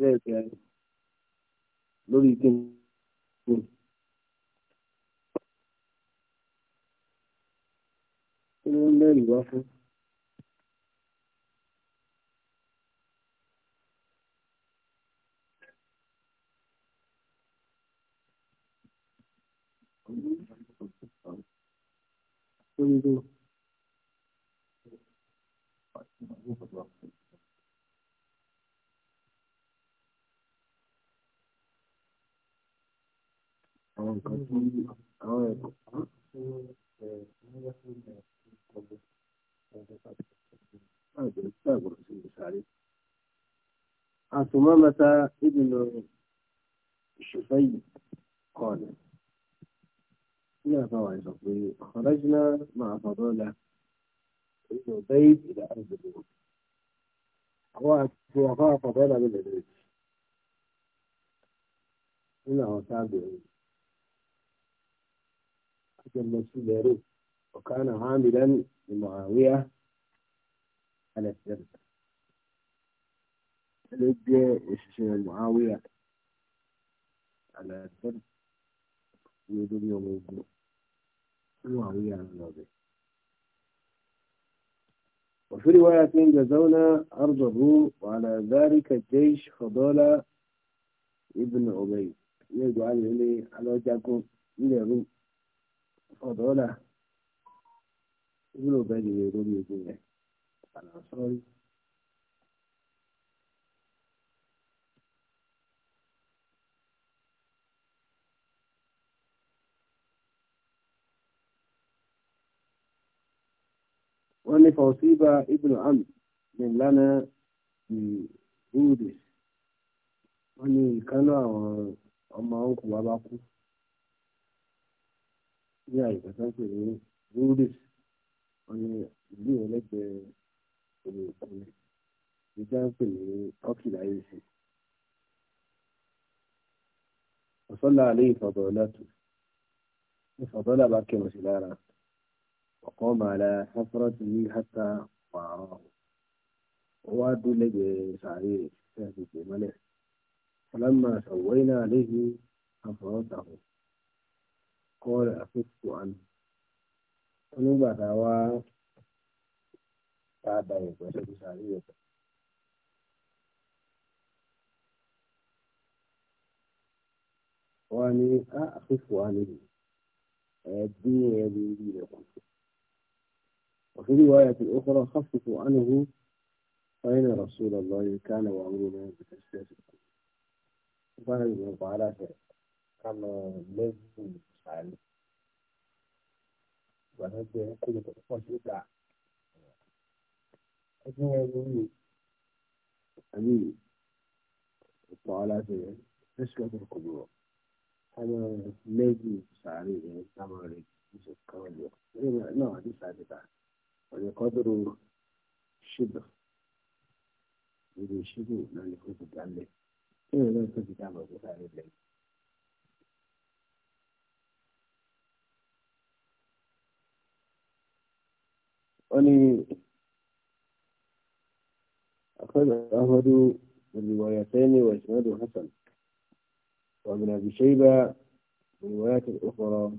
bẹ́ẹ̀ sì ẹ lórí kí n. kí ló ń mẹ́rin wá fún. Thank you. أمامة ابن شفي قال يا فوائد ربي خرجنا مع فضالة ابن البيت إلى أرض الروم وقع فضالة بن البيت إنه تابعي أجل مسؤول وكان عاملا لمعاوية على السرقة ló jẹ́ òṣìṣẹ́ على àlàáfẹ́ ní olórí ọmọ على fún وفي رواية جزونا أرض الروم وعلى ذلك الجيش فضالة ابن أبي يجعل لي على وجهكم إلى الروم فضالة ابن أبي يقول لي على صوري wọ́n ní fọ̀síbà ibn amr nílànà ìhúdì wọ́n ní ìkánná àwọn ọmọ ọkùn wa bá kú ní àyíká tó ń pè ní ìhúdì wọ́n ní ìlú ẹlẹ́gbẹ̀ẹ́ omi òkun ìjà ń pè ní turkey láyé sí i. وصلى عليه فضيلته فضيلة باكي مسلارة وقام على حفرته حتى وعراه وادوا لجي سعيد شهد جماله فلما سوينا عليه حفرته قال أفكت عنه ونبع دعوة بعد يقول سعيد وأني أخف عنه أدين يدي لكم وفي رواية أخرى خففوا عنه فإن رسول الله كان يأمرنا بتشريع سبحان الله تعالى كما لازم عليه وهذا كل تقوى شدة أمين تعالى تشريع القبور أنا لازم الطبراني أخذ أحمد الروايتين وإسناد حسن وابن أبي شيبة الروايات الأخرى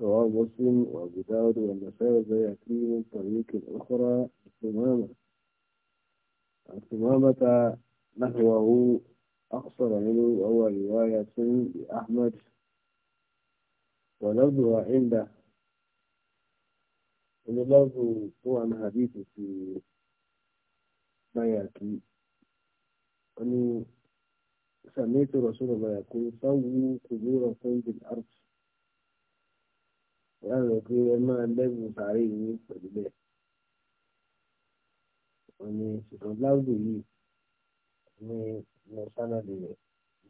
رواه مسلم وأبو داود والنسائي والبيهقي من طريق أخرى ثمامة عن نحوه أقصر منه وهو رواية لأحمد ولفظها عنده wani babu kowa na hadisi ke mayaki wani samitu rasulun mayaki sauwu kubura kundin arti ya rẹ̀ pé ẹ máa lẹ́gùn sàárè yín pẹ̀lú bẹ́ẹ̀ wani ṣùgbọ́n láwùjọ yìí ní lọ sánàdì rẹ̀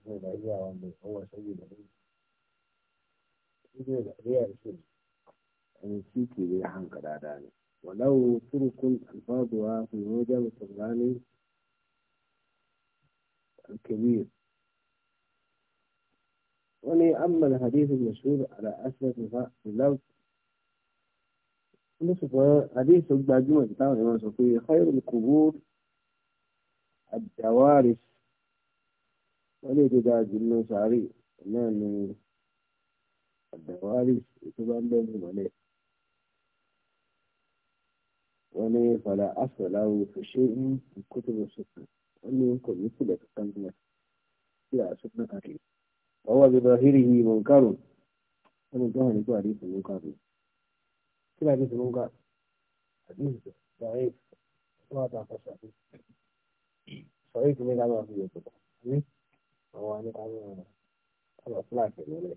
ìgbẹ́ ìdájọ́ àwọn ọmọ ìfọwọ́sẹ́yìn lẹ́yìn ìgbẹ́ ìdájọ́ àìsàn أن شيكي بيحان قداداني ولو ترك ألفاظها في موجب الطغيان الكبير ولي أما الحديث المشهور على أسرة في اللوت نصف حديث الباجمة بتاع الإمام الشافعي خير القبور الدوارس ولي تداج النصاري إنه الدوارس يتبع لهم عليه wọ́n ní fàlà àfọ̀láwò fòṣe ń kótó lọ́sọ̀tún wọ́n ní kò ní sílẹ̀ kankan ní sílẹ̀ àṣùpọ̀ àrè ọwọ́ bí bá hírí yìí mọ̀ nkárò wọ́n ní gbọ́n nípa àdé ìfòmù nkárò kí láti ìfòmù nkárò àdé ìfòmù sọ̀rọ̀ ìfòmù àtàkọ́sọ̀ àdé sọ̀rọ̀ ìfòmù nkárò àti ìyẹ̀kọ̀ àdé àwọn anìkàwé ọ̀rọ̀ fúlàṣẹ̀ lọ́lẹ̀.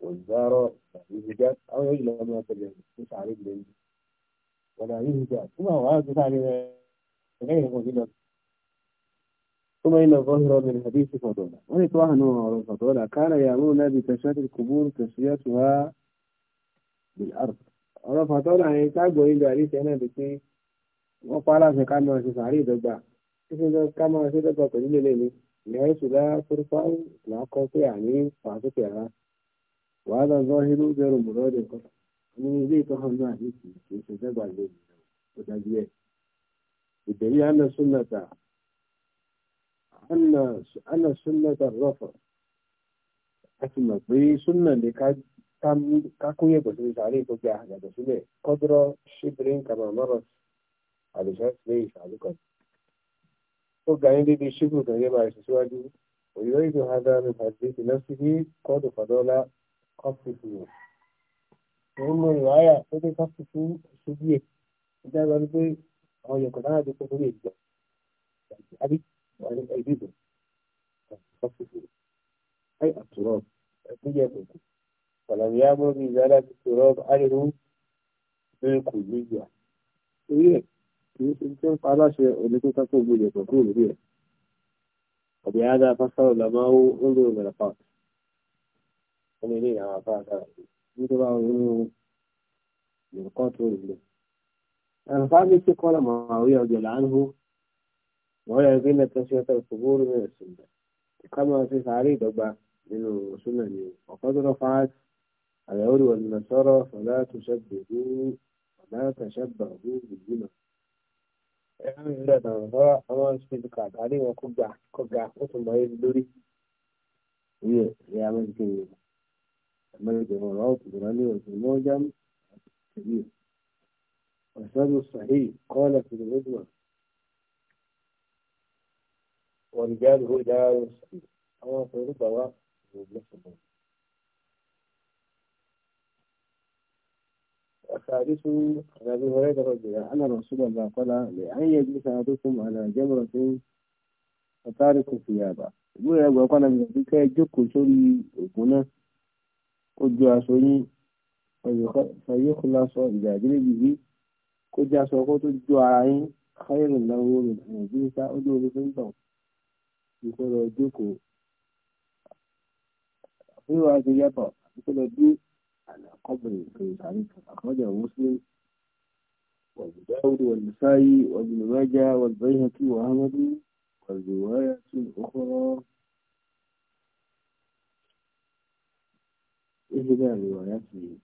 والزارة يهجات أو يجل ما تجل مش عارف ليه؟ ولا يهجات ثم هو هذا تعالي غير مجلد ثم إن الظاهر من حديث فضولة ونتواه نوع فضولة كان يأمرنا بتشاة القبور تشريتها بالأرض ọ̀rọ̀ fàtọ́lá yẹn tágbò ìlú àríṣẹ́ náà ti pé wọ́n pa aláṣẹ ká máa ṣe sàárè ìdọ́gba títí ká máa ṣe dọ́gba pẹ̀lú lélẹ̀ ni ìyá ìṣúlá tó fáwọn làákọ́ pé àní fàásókè rárá وهذا ظاهر غير مراد قطعا من زي تهم ما هيك يتجاب عليه ودليل الدليل أن السنة أن أن السنة الرفع أتم سنة لكاد كم كاكوية بس عليه تبقى حاجة بس قدرة شبرين كما مرت على شخص ليش على كده تبقى عندي بشبر كده ما يسوى دي ويريد هذا من حديث نفسه قد فضل kọ́sìtìwò òun mú ìwáyà tó dé kọ́sìtìwò ṣojú ẹ̀ ìjà ìwà wípé àwọn yòókù náà ti kókó lè jẹ àbí ẹbí ìbò kọ́sìtìwò ẹ̀ àtúrọ̀ ẹ̀kúnjẹ kòkó pàlàbí àmọ́ bí ìzára ti tòrọ̀ àríwú lórí kò ní ìgbà orí ẹ̀ kì í ṣe tí ó ń pa aláṣẹ oníkókó kó gbòòyè pẹ̀lú òrí ẹ̀ ọ̀bẹ̀ á dáa fásitì ọ̀làmáwó ó lóun ọmọ ilé ìyàwó àfáàfà ní tó bá ronú nǹkan tó rèé lọ. àǹfààní tí kọ́lá màáwí ọjọ́ láńhó wọ́n yẹ kí lẹ́tọ́ sí ọ̀tọ̀ ìfowópamọ́ rẹ̀ sùnbà ìka máa fi sàárè ìdọ́gba nínú súnà ni ọ̀kan tó lọ́fà àyẹ̀wò wọn nà sọ́rọ̀ ọ̀dà tó ṣàgbèrú ọ̀dà tó ṣàgbàgbé ìdí náà. ẹ̀rọ ìlú ẹ̀dá ọ̀rọ̀ àwọn كما يجمع رواه الطبراني والمعجم الكبير وإسناده الصحيح قال في العدوى ورجاله رجال الصحيح أما في الربوة الثالث عن ابي هريره رضي الله عنه رسول الله قال لان يجلس احدكم على جمره فتارك ثيابه ìwé ẹgbẹ́ ọ̀kan náà nígbà tí ká ẹjọ́ kò ojú aṣọ yín fàyíkùlásọ ìdàgírí yìí kó jẹ́ aṣọ ọkọ́ tó jó ara yín káyọ̀rọ̀ lọ́wọ́ rẹ̀ nàìjíríà ó ní orí fún tàn ìfọ̀rọ̀ jókòó àfihàn àti yàtọ̀ àtúntò bí àlàkọ́bìnrin kìí sàrí àkọ́jà muslim wàbí dáwùd wàbí sáyí wàbí nàmájà tún òkú هذا روايته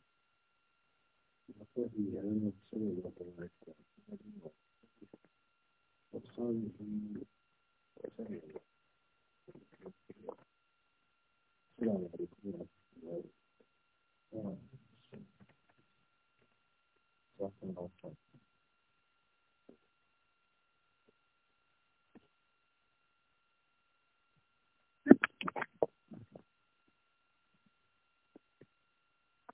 وقوله أنه صلى الله عليه وسلم وصحبه وسلم السلام عليكم ورحمة الله وبركاته